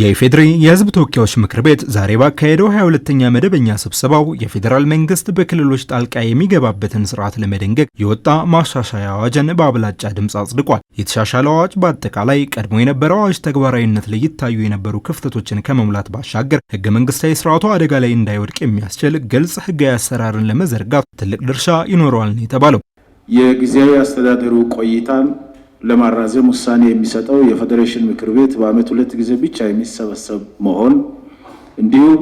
የኢፌዴሪ የሕዝብ ተወካዮች ምክር ቤት ዛሬ ባካሄደው 22ኛ መደበኛ ስብሰባው የፌዴራል መንግስት በክልሎች ጣልቃ የሚገባበትን ስርዓት ለመደንገግ የወጣ ማሻሻያ አዋጅን በአብላጫ ድምፅ አጽድቋል። የተሻሻለው አዋጅ በአጠቃላይ ቀድሞ የነበረው አዋጅ ተግባራዊነት ላይ ይታዩ የነበሩ ክፍተቶችን ከመሙላት ባሻገር ህገ መንግስታዊ ስርዓቱ አደጋ ላይ እንዳይወድቅ የሚያስችል ግልጽ ሕጋዊ አሰራርን ለመዘርጋት ትልቅ ድርሻ ይኖረዋል ነው የተባለው። የጊዜያዊ አስተዳደሩ ቆይታን ለማራዘም ውሳኔ የሚሰጠው የፌዴሬሽን ምክር ቤት በዓመት ሁለት ጊዜ ብቻ የሚሰበሰብ መሆን እንዲሁም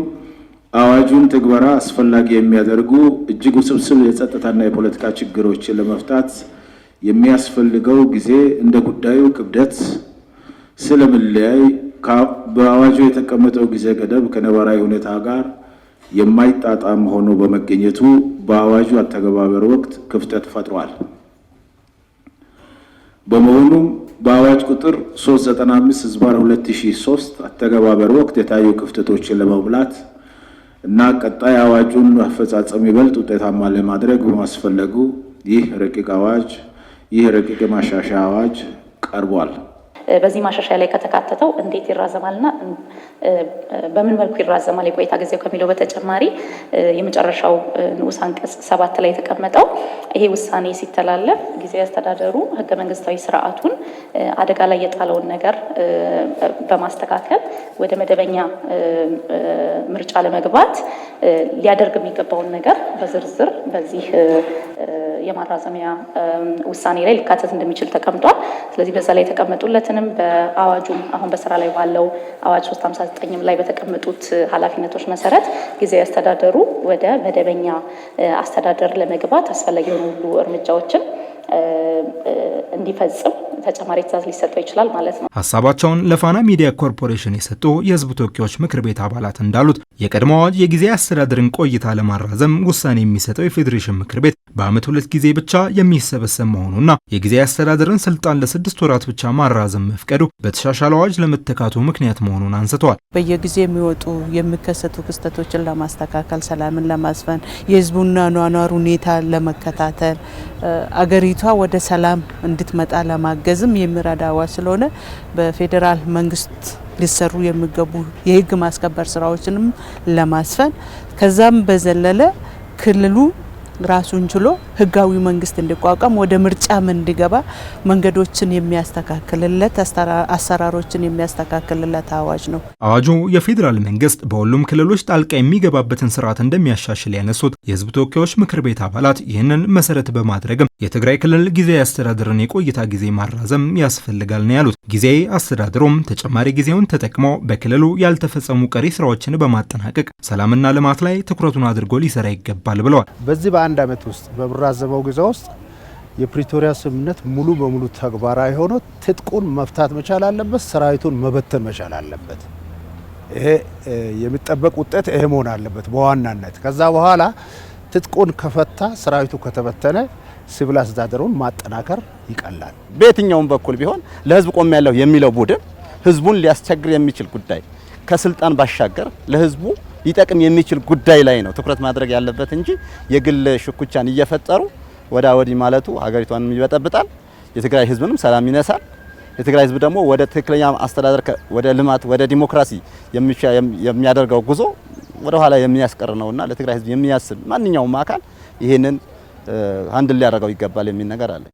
አዋጁን ትግበራ አስፈላጊ የሚያደርጉ እጅግ ውስብስብ የጸጥታና የፖለቲካ ችግሮችን ለመፍታት የሚያስፈልገው ጊዜ እንደ ጉዳዩ ክብደት ስለምለያይ በአዋጁ የተቀመጠው ጊዜ ገደብ ከነባራዊ ሁኔታ ጋር የማይጣጣም ሆኖ በመገኘቱ በአዋጁ አተገባበር ወቅት ክፍተት ፈጥሯል። በመሆኑም በአዋጅ ቁጥር 395 ህዝባር 2003 አተገባበር ወቅት የታዩ ክፍተቶችን ለመሙላት እና ቀጣይ አዋጁን አፈጻጸም ይበልጥ ውጤታማ ለማድረግ በማስፈለጉ ይህ ረቂቅ አዋጅ ይህ ረቂቅ የማሻሻያ አዋጅ ቀርቧል። በዚህ ማሻሻያ ላይ ከተካተተው እንዴት ይራዘማልና በምን መልኩ ይራዘማል የቆይታ ጊዜው ከሚለው በተጨማሪ የመጨረሻው ንዑስ አንቀጽ ሰባት ላይ የተቀመጠው ይሄ ውሳኔ ሲተላለፍ ጊዜ አስተዳደሩ ህገ መንግስታዊ ስርዓቱን አደጋ ላይ የጣለውን ነገር በማስተካከል ወደ መደበኛ ምርጫ ለመግባት ሊያደርግ የሚገባውን ነገር በዝርዝር በዚህ የማራዘሚያ ውሳኔ ላይ ሊካተት እንደሚችል ተቀምጧል። ስለዚህ በዛ ላይ የተቀመጡለትንም በአዋጁም አሁን በስራ ላይ ባለው አዋጅ 359 ላይ በተቀመጡት ኃላፊነቶች መሰረት ጊዜያዊ አስተዳደሩ ወደ መደበኛ አስተዳደር ለመግባት አስፈላጊ የሆኑ ሁሉ እርምጃዎችን እንዲፈጽም ተጨማሪ ትእዛዝ ሊሰጠው ይችላል ማለት ነው። ሀሳባቸውን ለፋና ሚዲያ ኮርፖሬሽን የሰጡ የህዝብ ተወካዮች ምክር ቤት አባላት እንዳሉት የቀድሞ አዋጅ የጊዜ አስተዳደርን ቆይታ ለማራዘም ውሳኔ የሚሰጠው የፌዴሬሽን ምክር ቤት በአመት ሁለት ጊዜ ብቻ የሚሰበሰብ መሆኑና የጊዜ አስተዳደርን ስልጣን ለስድስት ወራት ብቻ ማራዘም መፍቀዱ በተሻሻለ አዋጅ ለመተካቱ ምክንያት መሆኑን አንስተዋል። በየጊዜ የሚወጡ የሚከሰቱ ክስተቶችን ለማስተካከል፣ ሰላምን ለማስፈን፣ የህዝቡና ኗኗር ሁኔታ ለመከታተል አገሪቱ ሀገሪቷ ወደ ሰላም እንድትመጣ ለማገዝም የሚረዳ አዋጅ ስለሆነ በፌዴራል መንግስት ሊሰሩ የሚገቡ የህግ ማስከበር ስራዎችንም ለማስፈን ከዛም በዘለለ ክልሉ ራሱን ችሎ ህጋዊ መንግስት እንዲቋቋም ወደ ምርጫም እንዲገባ መንገዶችን የሚያስተካክልለት አሰራሮችን የሚያስተካክልለት አዋጅ ነው። አዋጁ የፌዴራል መንግስት በሁሉም ክልሎች ጣልቃ የሚገባበትን ስርዓት እንደሚያሻሽል ያነሱት የህዝብ ተወካዮች ምክር ቤት አባላት ይህንን መሰረት በማድረግም የትግራይ ክልል ጊዜያዊ አስተዳደርን የቆይታ ጊዜ ማራዘም ያስፈልጋል ነው ያሉት። ጊዜያዊ አስተዳደሩም ተጨማሪ ጊዜውን ተጠቅሞ በክልሉ ያልተፈጸሙ ቀሪ ስራዎችን በማጠናቀቅ ሰላምና ልማት ላይ ትኩረቱን አድርጎ ሊሰራ ይገባል ብለዋል። በዚህ በአንድ ዓመት ውስጥ በብራ በተራዘመው ጊዜ ውስጥ የፕሪቶሪያ ስምምነት ሙሉ በሙሉ ተግባራዊ ሆኖ ትጥቁን መፍታት መቻል አለበት፣ ሰራዊቱን መበተን መቻል አለበት። ይሄ የሚጠበቅ ውጤት ይሄ መሆን አለበት በዋናነት። ከዛ በኋላ ትጥቁን ከፈታ ሰራዊቱ ከተበተነ ሲቪል አስተዳደሩን ማጠናከር ይቀላል። በየትኛውም በኩል ቢሆን ለህዝብ ቆም ያለው የሚለው ቡድን ህዝቡን ሊያስቸግር የሚችል ጉዳይ ከስልጣን ባሻገር ለህዝቡ ሊጠቅም የሚችል ጉዳይ ላይ ነው ትኩረት ማድረግ ያለበት እንጂ የግል ሽኩቻን እየፈጠሩ ወዳ ወዲህ ማለቱ ሀገሪቷንም ይበጠብጣል፣ የትግራይ ህዝብንም ሰላም ይነሳል። የትግራይ ህዝብ ደግሞ ወደ ትክክለኛ አስተዳደር፣ ወደ ልማት፣ ወደ ዲሞክራሲ የሚያደርገው ጉዞ ወደ ኋላ የሚያስቀር ነውና ለትግራይ ህዝብ የሚያስብ ማንኛውም አካል ይህንን አንድ ሊያደርገው ይገባል የሚል ነገር አለ።